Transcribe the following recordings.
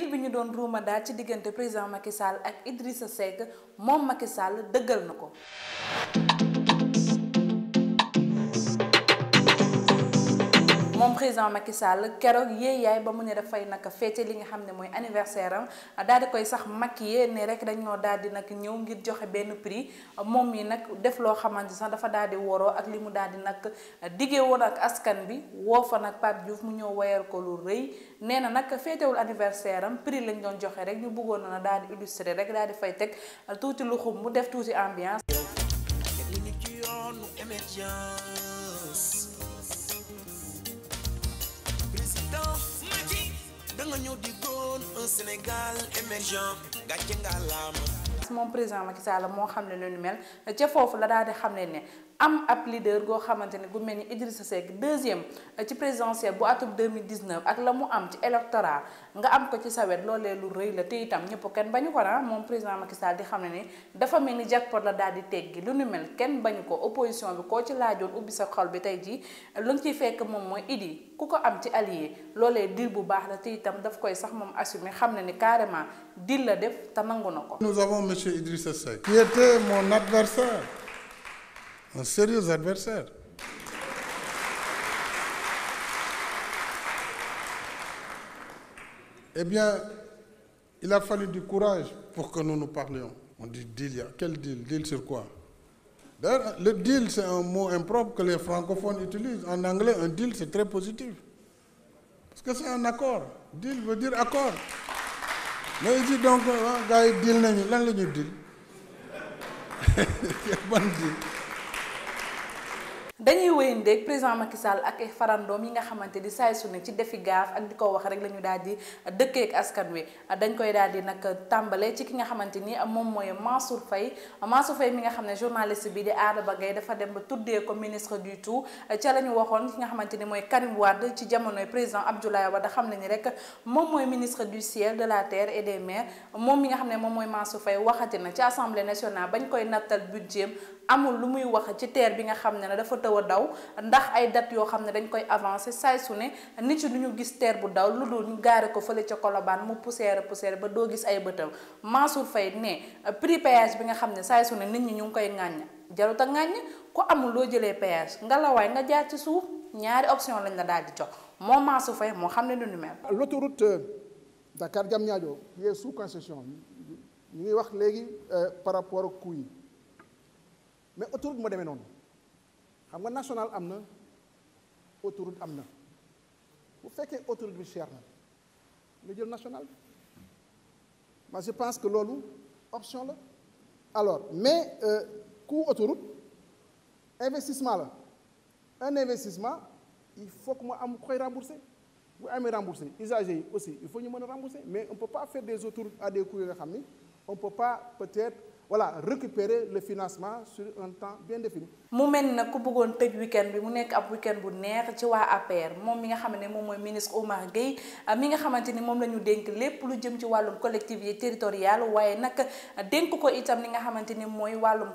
dil bi ñu doon ruuma daal ci diggante président Macky Sall ak Idrissa Seck moom Macky Sall dëggal na ko. moom président Macky Sall keroog yéey yaay ba mu ne dafay nag féete li nga xam ne mooy anniversaire am daal di koy sax maquillé ne rek dañoo daal di nakk ñëw ngir joxe benn prix moom mi nag def loo xamante sax dafa daal di woroo ak li mu daal di nakk diggee woon ak askan bi woo fa nag Pape Diouf mu ñëw wayal ko lu rëy nee na nag féetewul anniversaire am prix lañ doon joxe rek ñu bëggoon na daal di illustrer rek daal di fay teg tuuti lu xum mu def tuuti ambiance. ñu diggoon un Sénégal émergent gàcce nga laama. moom président Macky Sall moo xam ne lu ñu mel ca foofu la daal di xam ne ne am ap leader go xamanteni gu melni Idrissa Seck deuxième euh, ci présidentiel bu atum 2019 ak lamu am ci électorat nga am ko ci sawet lolé lu reuy la te itam ñëpp ken bañu ko na moom président Macky Sall di xamné ni dafa melni jackpot la daal di teggi lu ñu mel ken bañu ko opposition bi ko ci laajoon ubbi sa xol bi tay ji lu nga ciy fekk mom moy idi ku ko am ci allié lolé dir bu baax la te itam daf koy sax mom assumer xamné ni carrément dil la def ta nangu na Nous avons monsieur Idrissa Seck qui était mon adversaire un sérieux adversaire. Eh bien, il a fallu du courage pour que nous nous parlions. On dit deal, quel deal Deal sur quoi D'ailleurs, le deal, c'est un mot impropre que les francophones utilisent. En anglais, un deal, c'est très positif. Parce que c'est un accord. Deal veut dire accord. Mais il dit donc, gars, deal, deal. Là, deal. bon deal dañuy wéyandeeg président Macky Sall ak farandoom yi nga xamante di say su ne ci defi gaaf ak diko wax rek lañu daldi daal ak askan wi dañ koy daldi nak tambalé ci ki nga xamante ni moom mooy Mansour Faye Mansour Faye mi nga xamné journaliste bi di Adama Bagay dafa dem ba tuddee ko ministre du tout ca lañu ñu ki nga xamante ni mooy Karim Wade ci jamonoy président Abdoulaye Wade xam ne rek mom moy ministre du ciel de la terre et des mers mom mi nga xamné mom moy Mansour Faye waxati na ci assemblée nationale bañ koy nattal budget amul lu muy wax ci TER bi nga xam ne dafa taw a daw ndax ay date yoo xam ne dañ koy avancer saay su ne nit yi du ñu gis TER bu daw lu dul gaare ko fële ca Colobane mu poussière poussière ba doo gis ay bëtam Mansour Faye ne prix péage bi nga xam ne saay su ne nit ñi ñu ngi koy ŋàññ jarut a ŋàññ ku amul loo jëlee péage ngelawaay nga jaar ci suuf ñaari option lañ la daal di jox moom Mansour Faye moo xam ne lu ñu mel. l'autoroute euh, Dakar Diamniadio yee sous concession ñu ngi wax léegi euh, par rapport ak coût yi autoroute moo demee noonu xam nga national amna autoroute amna bu fekkee autoroute bi cher na nga jël national mais je pense que lolu option la alors mais euh, coût autoroute investissement la un investissement il faut que moi, am koy rembourser bu amee rembourser. usagers aussi il faut ñu mën rembourser. mais on peut pas faire des autoroutes à des coûts yoo nga on peut pas peut-être voilà récupérer le financement sur un temps bien défini. mu mel na ku bëggoon tëj week-end bi mu nekk ab week-end bu neex ci waa APR moom mi nga xam ne moom ministre Oumar Gueye ah, mi nga xamante ni moom la ñu lu jëm ci wàllum collectivité territoriale waaye nag dénk ko itam li nga xamante ni mooy wàllum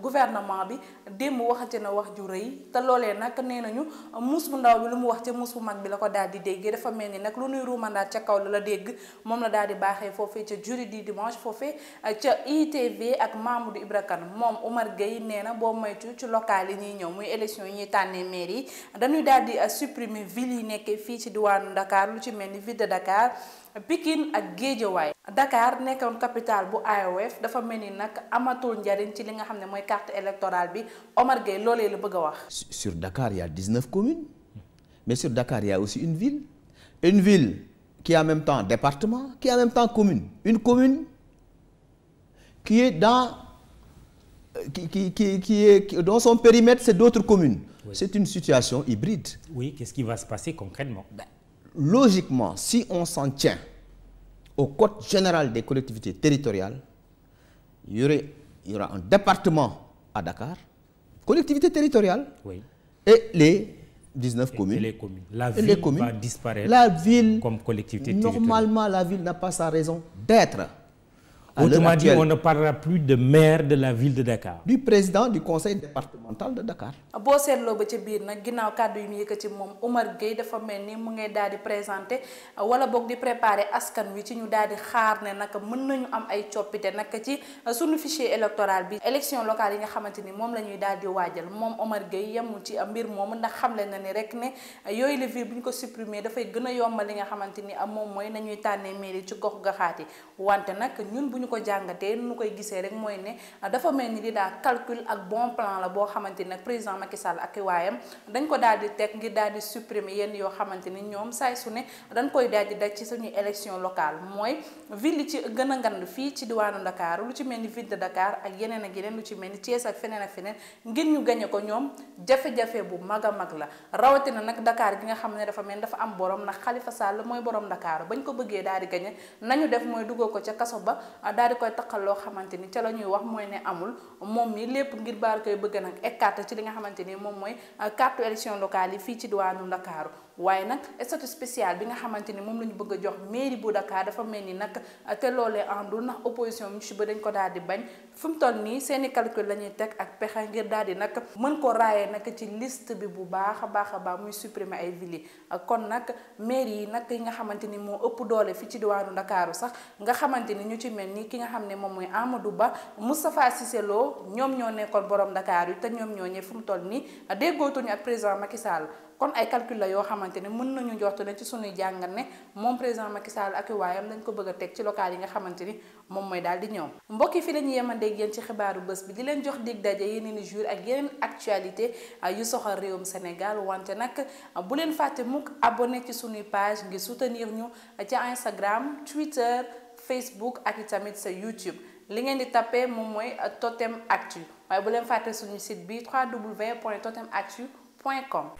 gouvernement bi démb waxati na wax ju rëy te loolee nag nee nañu muus bu ndaw bi lu mu wax ca muus bu mag bi la ko daal di déggee dafa mel ni nag lu nuy ruumandaat ca kaw la la dégg moom la daal di baaxee foofee ca dimanche foofee ah, ca ITV ak Mamadou Ibra Kane moom Omar Gueye nee bo maytu ci local yi ñuy ñëw muy élection yi ñuy tànnee maire yi dañuy daal euh, supprimer ville yi nekkee fii ci diwaanu Dakar lu ci melni ville de Dakar Pikine ak Guédiawaye Dakar nekkoon capitale bu AOF dafa melni nak nag amatul njariñ ci li nga xamné moy carte électorale bi Omar Gueye lolé le bëgg wax. sur Dakar il y a 19 communes mais sur Dakar il y a aussi une ville une ville qui est en même temps département qui est en même temps commune une commune qui est dans, qui, est, dans son périmètre, c'est d'autres communes. C'est une situation hybride. Oui, qu'est-ce qui va se passer concrètement ben, Logiquement, si on s'en tient au Code général des collectivités territoriales, il y, aura un département à Dakar, collectivité territoriale, et les 19 et communes. Les communes. La ville les communes. va disparaître la ville, comme collectivité Normalement, la ville n'a pas sa raison d'être. Autrement dit, on ne parlera plus de maire de la ville de Dakar. du président du conseil départemental de Dakar. ñu ko jàngatee nu koy gisee rek mooy ne dafa mel ni di daal calcul ak bon plan la boo xamante ni nag président Macky Sall ak waayam dañ ko daal di teg ngir daal di supprimer yenn yoo xamante ni ñoom saay su ne dañ koy daal di daj ci suñuy élection locale mooy ville yi ci gën a ngand fii ci diwaanu ndakaaru lu ci mel ni ville de Dakar ak yeneen ak lu ci mel ni Thiès ak feneen ak feneen ngir ñu gañe ko ñoom jafe-jafe bu mag a mag la rawatina nag Dakar gi nga xam ne dafa mel dafa am borom ndax Khalifa Sall mooy borom Dakar bañ ko bëggee daal di gañe nañu daal di koy taqal loo xamante ni ca la ñuy wax mooy ne amul moom mi lépp ngir baar koy bëgg nag écarté ci li nga xamante ni moom mooy euh, carte élection locale yi fii ci diwaanu Ndakaaru waaye nag statut spécial bi nga xamante ni moom la ñu bëgg a jox mairie bu Dakar dafa mel ni nag te loolee àndul ndax opposition bi ba dañ ko daal di bañ fu mu toll nii seeni calcul la teg ak pexe ngir daal mën ko raayee nag ci liste bi bu baax a baax a baax muy supprimer ay villes kon nag mairie yi nag yi nga xamante ni moo ëpp doole fi ci diwaanu Dakar sax nga xamante ni ñu ci mel ni ki nga xam ne moom mooy Amadou Ba Moustapha Cissé Lo ñoom ñoo nekkoon borom Dakar yi te ñoom ñoo fu mu toll nii déggootuñu ak présent Macky kon ay calcul la yoo xamante ne mën nañu jox tane ci suñuy jàngat ne moom président Macky Sall ak waayam dañ ko bëgg a teg ci local yi nga xamante ni moom mooy daal di ñëw mbokk yi fi la ñuy yemandeeg yéen ci xibaaru bés bi di leen jox dig daje yeneen i jour ak yeneen actualité ah, yu soxal réewum Sénégal wante nag ah, bu leen fàtte mukk abonné ci suñuy page ngir soutenir ñu ci Instagram Twitter Facebook ak itamit sa YouTube li ngeen di tapé moom mooy ah, Totem Actu waaye bu leen fàtte suñu site bi www.totemactu.com